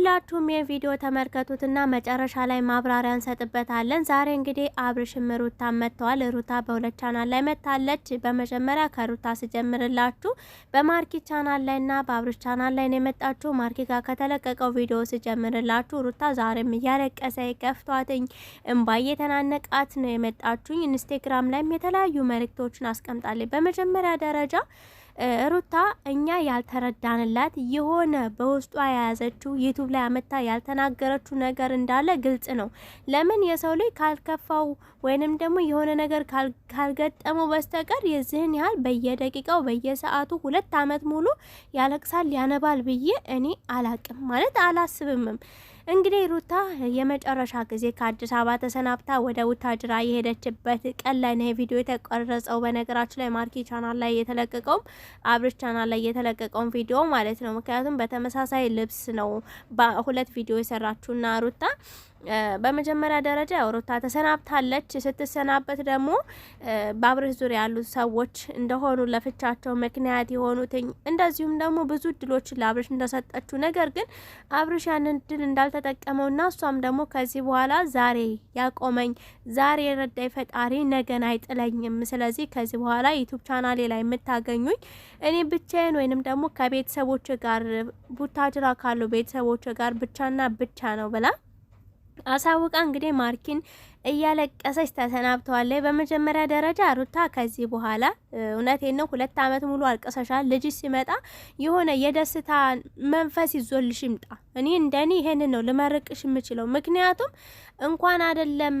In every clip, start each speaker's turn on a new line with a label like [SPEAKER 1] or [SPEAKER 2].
[SPEAKER 1] ሁላችሁም ቪዲዮ ተመልከቱትና መጨረሻ ላይ ማብራሪያ እንሰጥበታለን። ዛሬ እንግዲህ አብርሽም ሩታ መጥተዋል። ሩታ በሁለት ቻናል ላይ መጥታለች። በመጀመሪያ ከሩታ ስጀምርላችሁ በማርኪ ቻናል ላይ እና በአብርሽ ቻናል ላይ ነው የመጣችሁ። ማርኪ ጋር ከተለቀቀው ቪዲዮ ስጀምርላችሁ ሩታ ዛሬም እያለቀሰ ከፍቷትኝ እንባ እየተናነቃት ነው የመጣችሁኝ። ኢንስቴግራም ላይም የተለያዩ መልእክቶችን አስቀምጣለች። በመጀመሪያ ደረጃ ሩታ እኛ ያልተረዳንላት የሆነ በውስጧ የያዘችው ዩቱብ ላይ አመታ ያልተናገረችው ነገር እንዳለ ግልጽ ነው። ለምን የሰው ልጅ ካልከፋው ወይንም ደግሞ የሆነ ነገር ካልገጠመው በስተቀር የዚህን ያህል በየደቂቃው በየሰዓቱ ሁለት አመት ሙሉ ያለቅሳል ያነባል ብዬ እኔ አላቅም ማለት አላስብምም። እንግዲህ ሩታ የመጨረሻ ጊዜ ከአዲስ አበባ ተሰናብታ ወደ ውታጅራ የሄደችበት ቀን ላይ ነው ቪዲዮ የተቀረጸው። በነገራችን ላይ ማርኪ ቻናል ላይ የተለቀቀውም አብርሽ ቻናል ላይ የተለቀቀውን ቪዲዮ ማለት ነው። ምክንያቱም በተመሳሳይ ልብስ ነው በሁለት ቪዲዮ የሰራችሁና ሩታ በመጀመሪያ ደረጃ ሩታ ተሰናብታለች። ስትሰናበት ደግሞ በአብርሽ ዙሪያ ያሉት ሰዎች እንደሆኑ ለፍቻቸው ምክንያት የሆኑትኝ እንደዚሁም ደግሞ ብዙ እድሎችን ለአብርሽ እንደሰጠችው ነገር ግን አብርሽ ያንን እድል ና እሷም ደግሞ ከዚህ በኋላ ዛሬ ያቆመኝ ዛሬ የረዳኝ ፈጣሪ ነገን አይጥለኝም። ስለዚህ ከዚህ በኋላ ዩቱብ ቻናሌ ላይ የምታገኙኝ እኔ ብቻዬን ወይንም ደግሞ ከቤተሰቦች ጋር ቡታጅራ ካሉ ቤተሰቦች ጋር ብቻና ብቻ ነው ብላ አሳውቃ እንግዲህ ማርኪን እያለቀሰች ተሰናብተዋለች። በመጀመሪያ ደረጃ ሩታ ከዚህ በኋላ እውነቴን ነው፣ ሁለት አመት ሙሉ አልቅሰሻል። ልጅ ሲመጣ የሆነ የደስታ መንፈስ ይዞልሽ ይምጣ። እኔ እንደኔ ይሄንን ነው ልመርቅሽ የምችለው። ምክንያቱም እንኳን አይደለም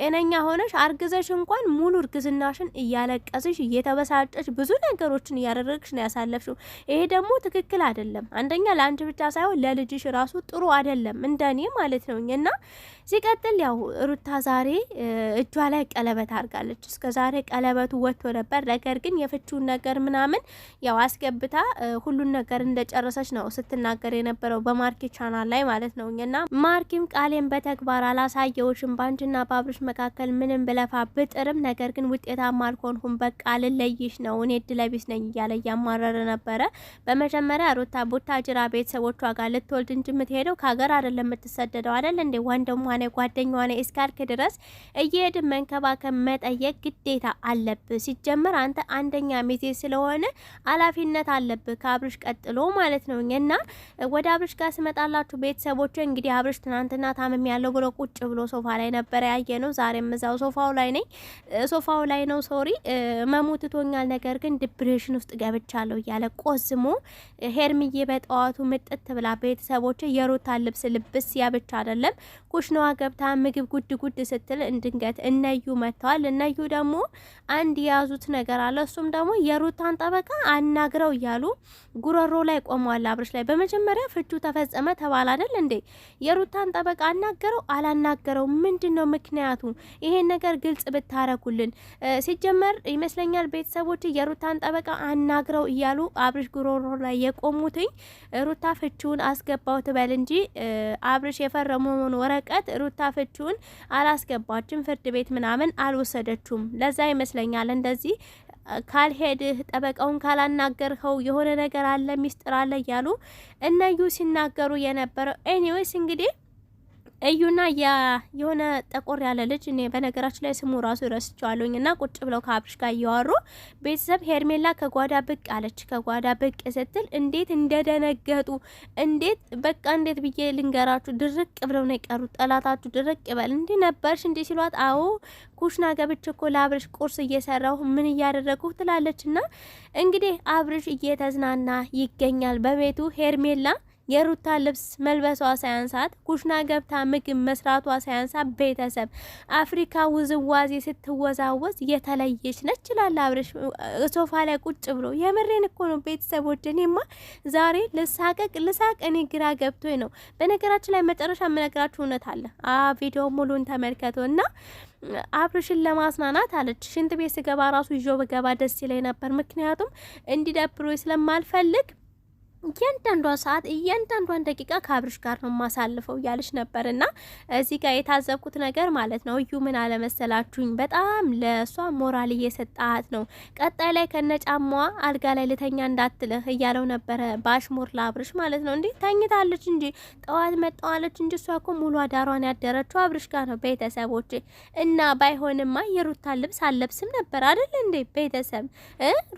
[SPEAKER 1] ጤነኛ ሆነሽ አርግዘሽ እንኳን ሙሉ እርግዝናሽን እያለቀስሽ እየተበሳጨች ብዙ ነገሮችን እያደረግሽ ነው ያሳለፍሽው። ይሄ ደግሞ ትክክል አይደለም። አንደኛ ለአንቺ ብቻ ሳይሆን ለልጅሽ ራሱ ጥሩ አይደለም፣ እንደኔ ማለት ነው እና ሲቀጥል ያው ሩታ ዛሬ እጇ ላይ ቀለበት አድርጋለች። እስከ ዛሬ ቀለበቱ ወጥቶ ነበር። ነገር ግን የፍቹን ነገር ምናምን ያው አስገብታ ሁሉን ነገር እንደጨረሰች ነው ስትናገር የነበረው በማርኬ ቻናል ላይ ማለት ነው። እና ማርኪም ቃሌን በተግባር አላሳየውሽም በአንቺና በአብርሽ መካከል ምንም ብለፋ ብጥርም ነገር ግን ውጤታማ አልሆንኩም፣ በቃ ልለይሽ ነው እኔ ድለቢስ ነኝ እያለ እያማረረ ነበረ። በመጀመሪያ ሩታ ቡታጅራ ቤተሰቦቿ ጋር ልትወልድ እንጂ የምትሄደው ከሀገር አይደለም የምትሰደደው አይደል እንዴ ወንድሟ ነ ጓደኛዋ ነ እስካልክ ድረስ እየሄድን መንከባከብ መጠየቅ ግዴታ አለብህ። ሲጀመር አንተ አንደኛ ሚዜ ስለሆነ ኃላፊነት አለብህ ከአብርሽ ቀጥሎ ማለት ነው። እና ወደ አብርሽ ጋር ስመጣላችሁ ቤተሰቦች እንግዲህ አብርሽ ትናንትና ታምም ያለው ብሎ ቁጭ ብሎ ሶፋ ላይ ነበረ ያየ ነው። ዛሬም እዛው ሶፋው ላይ ነኝ፣ ሶፋው ላይ ነው። ሶሪ መሞትቶኛል፣ ነገር ግን ዲፕሬሽን ውስጥ ገብቻለሁ እያለ ቆዝሞ ሄርምዬ በጠዋቱ ምጥት ብላ ቤተሰቦች የሩታ ልብስ ልብስ ያብቻ አይደለም ኩሽናዋ ገብታ ምግብ ጉድ ጉድ ስትል እንድንገት እነዩ መጥተዋል። እነዩ ደግሞ አንድ የያዙት ነገር አለ። እሱም ደግሞ የሩታን ጠበቃ አናግረው እያሉ ጉረሮ ላይ ቆመዋል። አብርሽ ላይ በመጀመሪያ ፍቹ ተፈጸመ ተባለ አይደል እንዴ? የሩታን ጠበቃ አናገረው አላናገረው ምንድን ነው ምክንያቱ? ይሄን ነገር ግልጽ ብታረጉልን። ሲጀመር ይመስለኛል ቤተሰቦች የሩታን ጠበቃ አናግረው እያሉ አብርሽ ጉሮሮ ላይ የቆሙትኝ ሩታ ፍቹን አስገባው ትበል እንጂ አብርሽ የፈረመውን ወረቀት ሩታ ፍቹን አላ አላስገባችም፣ ፍርድ ቤት ምናምን አልወሰደችውም። ለዛ ይመስለኛል እንደዚህ ካልሄድህ ጠበቃውን ካላናገርኸው የሆነ ነገር አለ፣ ሚስጥር አለ እያሉ እነዩ ሲናገሩ የነበረው። ኤኒዌይስ እንግዲህ እዩና የሆነ ጠቆር ያለ ልጅ እኔ በነገራችን ላይ ስሙ ራሱ ረስቸዋለኝ እና ቁጭ ብለው ከአብርሽ ጋር እያወሩ ቤተሰብ ሄርሜላ ከጓዳ ብቅ አለች። ከጓዳ ብቅ ስትል እንዴት እንደደነገጡ እንዴት በቃ እንዴት ብዬ ልንገራችሁ፣ ድርቅ ብለው ነው የቀሩት። ጠላታችሁ ድርቅ ይበል። እንዲህ ነበርሽ እንዲህ ሲሏት፣ አዎ ኩሽና ገብቼ እኮ ለአብርሽ ቁርስ እየሰራሁ ምን እያደረግሁ ትላለች። እና እንግዲህ አብርሽ እየተዝናና ይገኛል በቤቱ ሄርሜላ የሩታ ልብስ መልበሷ ሳያንሳት ኩሽና ገብታ ምግብ መስራቷ ሳያንሳት ቤተሰብ አፍሪካ ውዝዋዜ ስትወዛወዝ የተለየች ነች ይላል አብርሽ ሶፋ ላይ ቁጭ ብሎ። የምሬን እኮ ነው ቤተሰቦች። እኔማ ዛሬ ልሳቀቅ ልሳቅ፣ እኔ ግራ ገብቶኝ ነው። በነገራችን ላይ መጨረሻ የምነግራችሁ እውነት አለ። ቪዲዮ ሙሉን ተመልከቱ እና አብርሽን ለማስናናት አለች ሽንት ቤት ስገባ ራሱ ይዞ በገባ ደስ ይለኝ ነበር፣ ምክንያቱም እንዲደብሮ ስለማልፈልግ እያንዳንዷ ሰዓት እያንዳንዷን ደቂቃ ከአብርሽ ጋር ነው የማሳልፈው እያለች ነበር። እና እዚህ ጋር የታዘብኩት ነገር ማለት ነው እዩ ምን አለመሰላችሁኝ፣ በጣም ለእሷ ሞራል እየሰጣት ነው። ቀጣይ ላይ ከነ ጫማዋ አልጋ ላይ ልተኛ እንዳትልህ እያለው ነበረ በአሽሙር ለአብርሽ ማለት ነው። እንዴ ተኝታለች እንጂ ጠዋት መጣዋለች እንጂ እሷ እኮ ሙሉ አዳሯን ያደረችው አብርሽ ጋር ነው ቤተሰቦች። እና ባይሆንማ የሩታ ልብስ አለብስም ነበር አደለ እንዴ ቤተሰብ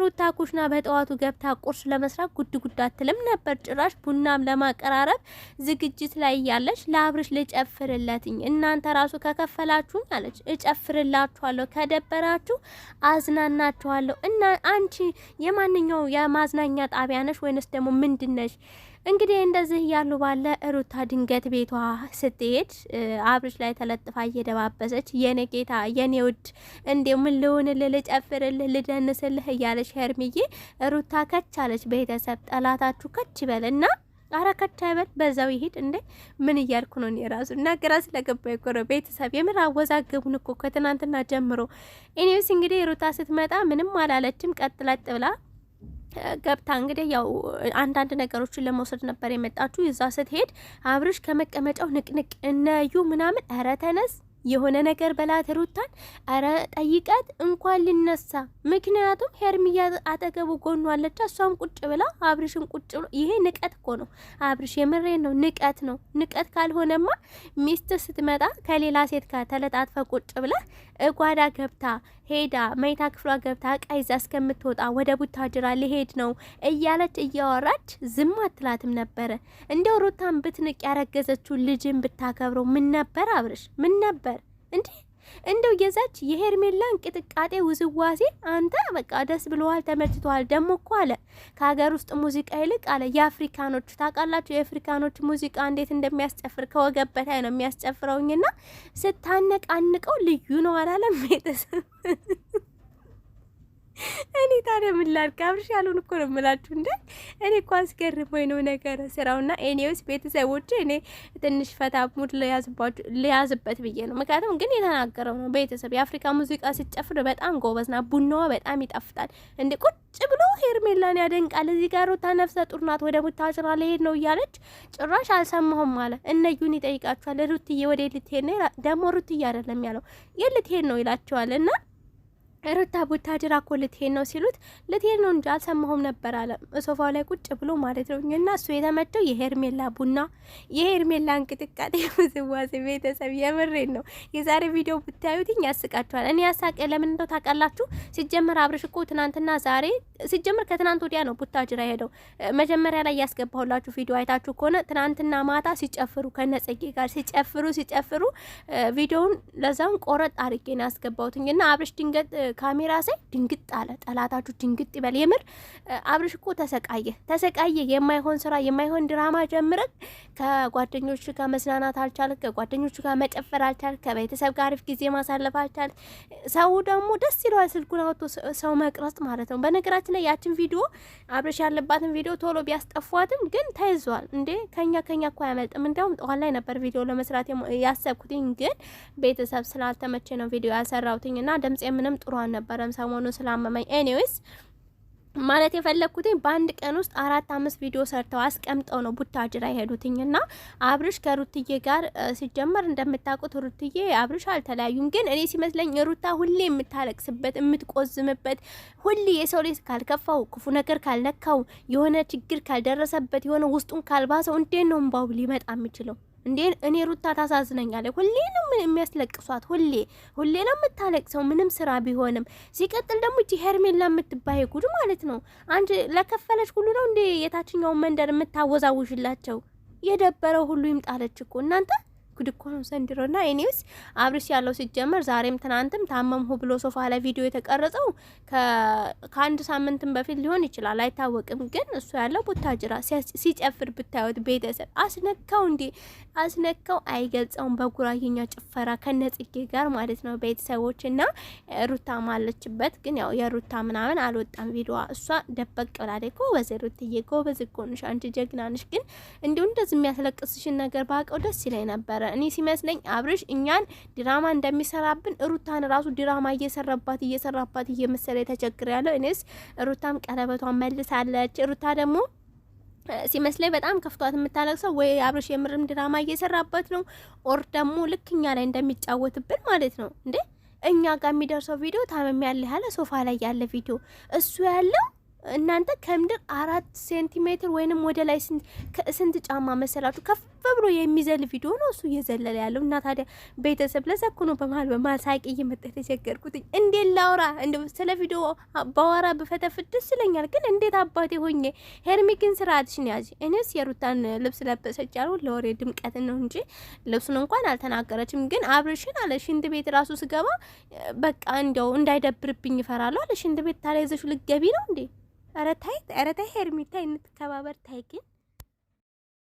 [SPEAKER 1] ሩታ ኩሽና በጠዋቱ ገብታ ቁርስ ለመስራት ጉድ ጉድ አትልም ልትሆንም ነበር። ጭራሽ ቡናም ለማቀራረብ ዝግጅት ላይ እያለች ለአብርሽ ልጨፍርለትኝ እናንተ ራሱ ከከፈላችሁኝ አለች፣ እጨፍርላችኋለሁ፣ ከደበራችሁ አዝናናችኋለሁ። እና አንቺ የማንኛው የማዝናኛ ጣቢያ ነሽ ወይንስ ደግሞ ምንድን ነሽ? እንግዲህ እንደዚህ እያሉ ባለ ሩታ ድንገት ቤቷ ስትሄድ አብርሽ ላይ ተለጥፋ እየደባበሰች የኔ ጌታ የኔ ውድ እንዲሁ ምን ልሆንልህ፣ ልጨፍርልህ፣ ልደንስልህ እያለች ሄርሚዬ ሩታ ከች አለች። ቤተሰብ ጠላታችሁ ከች ይበል እና ከች ይበል በዛው ይሄድ እንዴ! ምን እያልኩ ነው? እኔ ራሱ እና ግራ ስለገባኝ እኮ ቤተሰብ የምር አወዛገቡን እኮ ከትናንትና ጀምሮ። እኔስ እንግዲህ ሩታ ስትመጣ ምንም አላለችም፣ ቀጥ ብላ ገብታ እንግዲህ ያው አንዳንድ ነገሮችን ለመውሰድ ነበር የመጣችሁ። እዛ ስትሄድ አብርሽ ከመቀመጫው ንቅንቅ እነዩ ምናምን ኧረ ተነስ የሆነ ነገር በላት ሩታን፣ አረ ጠይቀት እንኳን ሊነሳ። ምክንያቱም ሄርሚያ አጠገቡ ጎኗ አለች፣ እሷም ቁጭ ብላ አብርሽን ቁጭ ብሎ፣ ይሄ ንቀት እኮ ነው አብርሽ፣ የምሬን ነው፣ ንቀት ነው። ንቀት ካልሆነማ ሚስት ስትመጣ ከሌላ ሴት ጋር ተለጣጥፈ ቁጭ ብላ ጓዳ ገብታ ሄዳ መኝታ ክፍሏ ገብታ ቀይዛ እስከምትወጣ ወደ ቡታጅራ ሊሄድ ነው እያለች እያወራች ዝም አትላትም ነበረ። እንደው ሩታን ብትንቅ ያረገዘችው ልጅን ብታከብረው ምን ነበር አብርሽ፣ ምን ነበር እንዴ እንደው የዛች የሄርሜላ እንቅጥቃጤ ውዝዋዜ አንተ በቃ ደስ ብለዋል፣ ተመችተዋል። ደሞ እኮ አለ ከሀገር ውስጥ ሙዚቃ ይልቅ አለ የአፍሪካኖቹ ታውቃላችሁ፣ የአፍሪካኖች ሙዚቃ እንዴት እንደሚያስጨፍር ከወገብ በታይ ነው የሚያስጨፍረውኝና ስታነቃንቀው ልዩ ነው አላለም ቤተሰብ ታዲያ ምን ላድርግ? አብርሽ ያሉን እኮ ነው የምላችሁ። እንደ እኔ እኮ አስገርሞኝ ነው ነገር ስራውና ኤኔውስ ቤተሰቦች፣ እኔ ትንሽ ፈታ ሙድ ለያዝበት ብዬ ነው። ምክንያቱም ግን የተናገረው ነው ቤተሰብ። የአፍሪካ ሙዚቃ ሲጨፍር በጣም ጎበዝና ቡናዋ በጣም ይጣፍጣል። እንደ ቁጭ ብሎ ሄርሜላን ያደንቃል። እዚህ ጋር ሩታ ነፍሰ ጡር ናት፣ ወደ ቡታጅራ ልሄድ ነው እያለች ጭራሽ አልሰማሁም አለ። እነዩን ይጠይቃቸዋል። ሩትዬ ወደ ልትሄድ ነው ደግሞ ሩትዬ አይደለም ያለው የልትሄድ ነው ይላቸዋል እና ሩታ ቡታጅራ እኮ ልትሄድ ነው ሲሉት ልትሄድ ነው እንጂ አልሰማሁም ነበር አለ። ሶፋው ላይ ቁጭ ብሎ ማለት ነው። እና እሱ የተመቸው የሄርሜላ ቡና፣ የሄርሜላ እንቅጥቃጤ ውዝዋዜ። ቤተሰብ የምሬን ነው። የዛሬ ቪዲዮ ብታዩትኝ ያስቃችኋል። እኔ ያሳቀ ለምን እንደው ታውቃላችሁ? ሲጀመር አብርሽ እኮ ትናንትና ዛሬ ሲጀመር ከትናንት ወዲያ ነው ቡታጅራ ሄደው። መጀመሪያ ላይ ያስገባሁላችሁ ቪዲዮ አይታችሁ ከሆነ ትናንትና ማታ ሲጨፍሩ ከነጸጌ ጋር ሲጨፍሩ ሲጨፍሩ ቪዲዮውን ለዛውን ቆረጥ አድርጌ ነው ያስገባሁትኝ እና አብርሽ ድንገት ካሜራ ሳይ ድንግጥ አለ። ጠላታችሁ ድንግጥ ይበል። የምር አብርሽ እኮ ተሰቃየ ተሰቃየ። የማይሆን ስራ የማይሆን ድራማ ጀምረን ከጓደኞቹ ጋር መዝናናት አልቻልክ፣ ከጓደኞቹ ጋር መጨፈር አልቻልክ፣ ከቤተሰብ ጋር አሪፍ ጊዜ ማሳለፍ አልቻልክ። ሰው ደግሞ ደስ ይለዋል ስልኩን አውጥቶ ሰው መቅረጽ ማለት ነው። በነገራችን ላይ ያችን ቪዲዮ አብርሽ ያለባትን ቪዲዮ ቶሎ ቢያስጠፏትም ግን ተይዟል እንዴ ከኛ ከኛ እኮ አያመልጥም። እንዲያውም ጠዋት ላይ ነበር ቪዲዮ ለመስራት ያሰብኩትኝ፣ ግን ቤተሰብ ስላልተመቼ ነው ቪዲዮ ያሰራሁትኝ እና ድምፄ ምንም ጥሩ አልነበረም ሰሞኑን ስላመመኝ። ኤኒዌይስ ማለት የፈለግኩትኝ በአንድ ቀን ውስጥ አራት አምስት ቪዲዮ ሰርተው አስቀምጠው ነው ቡታጅራ የሄዱትኝ እና አብርሽ ከሩትዬ ጋር ሲጀመር እንደምታውቁት ሩትዬ አብርሽ አልተለያዩም። ግን እኔ ሲመስለኝ ሩታ ሁሌ የምታለቅስበት የምትቆዝምበት፣ ሁሌ የሰው ልጅ ካልከፋው ክፉ ነገር ካልነካው የሆነ ችግር ካልደረሰበት የሆነ ውስጡን ካልባሰው እንዴት ነው እምባው ሊመጣ የሚችለው? እንዴ እኔ ሩታ ታሳዝነኛለች። ሁሌ ነው የሚያስለቅሷት፣ ሁሌ ሁሌ ነው የምታለቅሰው ምንም ስራ ቢሆንም። ሲቀጥል ደግሞ እቺ ሄርሜላ የምትባይ ጉድ ማለት ነው። አንድ ለከፈለች ሁሉ ነው እንዴ የታችኛውን መንደር የምታወዛውሽላቸው? የደበረው ሁሉ ይምጣለች እኮ እናንተ ጉድኳኑ ዘንድሮ ና ኤኒዌይስ አብርሽ ያለው ሲጀመር ዛሬም ትናንትም ታመምሁ ብሎ ሶፋ ላይ ቪዲዮ የተቀረጸው ከአንድ ሳምንትም በፊት ሊሆን ይችላል፣ አይታወቅም። ግን እሱ ያለው ቡታጅራ ሲጨፍር ብታዩት ቤተሰብ አስነካው፣ እንዲ አስነካው፣ አይገልጸውም። በጉራጌኛ ጭፈራ ከነጽጌ ጋር ማለት ነው ቤተሰቦች እና ሩታ ማለችበት። ግን ያው የሩታ ምናምን አልወጣም ቪዲዮ። እሷ ደበቅ ብላደ ጎበዝ ሩትዬ፣ ጎበዝ እኮ ነሽ አንቺ፣ ጀግና ግን እንዲሁ እንደዚህ የሚያስለቅስሽን ነገር ባውቀው ደስ ይለኝ ነበር። ነበረ። እኔ ሲመስለኝ አብርሽ እኛን ድራማ እንደሚሰራብን ሩታን ራሱ ድራማ እየሰራባት እየሰራባት እየመሰለ የተቸግር ያለው እኔስ ሩታም ቀለበቷን መልሳለች። ሩታ ደግሞ ሲመስለኝ በጣም ከፍቷት የምታለቅሰው ወይ አብርሽ የምርም ድራማ እየሰራበት ነው፣ ኦር ደግሞ ልክ እኛ ላይ እንደሚጫወትብን ማለት ነው። እንዴ እኛ ጋር የሚደርሰው ቪዲዮ ታመም ያለ ያለ ሶፋ ላይ ያለ ቪዲዮ እሱ ያለው እናንተ ከምድር አራት ሴንቲሜትር ወይንም ወደ ላይ ስንት ጫማ መሰላችሁ ከፍ ከፍ ብሎ የሚዘል ቪዲዮ ነው እሱ እየዘለለ ያለው እና ታዲያ ቤተሰብ ለሰኩ ነው በመሀል በማሳቂ ሳቂ እየመጣ የተቸገርኩትኝ እንዴት ላውራ እንደ ስለ ቪዲዮ በዋራ ብፈተፍት ደስ ይለኛል፣ ግን እንዴት አባቴ ሆኜ ሄርሚ ግን ስርዓትሽን ያዥ። እኔስ የሩታን ልብስ ለበሰች ያለው ለወሬ ድምቀት ነው እንጂ ልብሱን እንኳን አልተናገረችም። ግን አብርሽን አለ ሽንት ቤት ራሱ ስገባ በቃ እንዲያው እንዳይደብርብኝ ይፈራለሁ አለ ሽንት ቤት ታዲያ ይዘሽው ልትገቢ ነው እንዴ? ኧረ ታይ ኧረ ታይ ሄርሚ ታይ፣ እንተከባበር ታይ ግን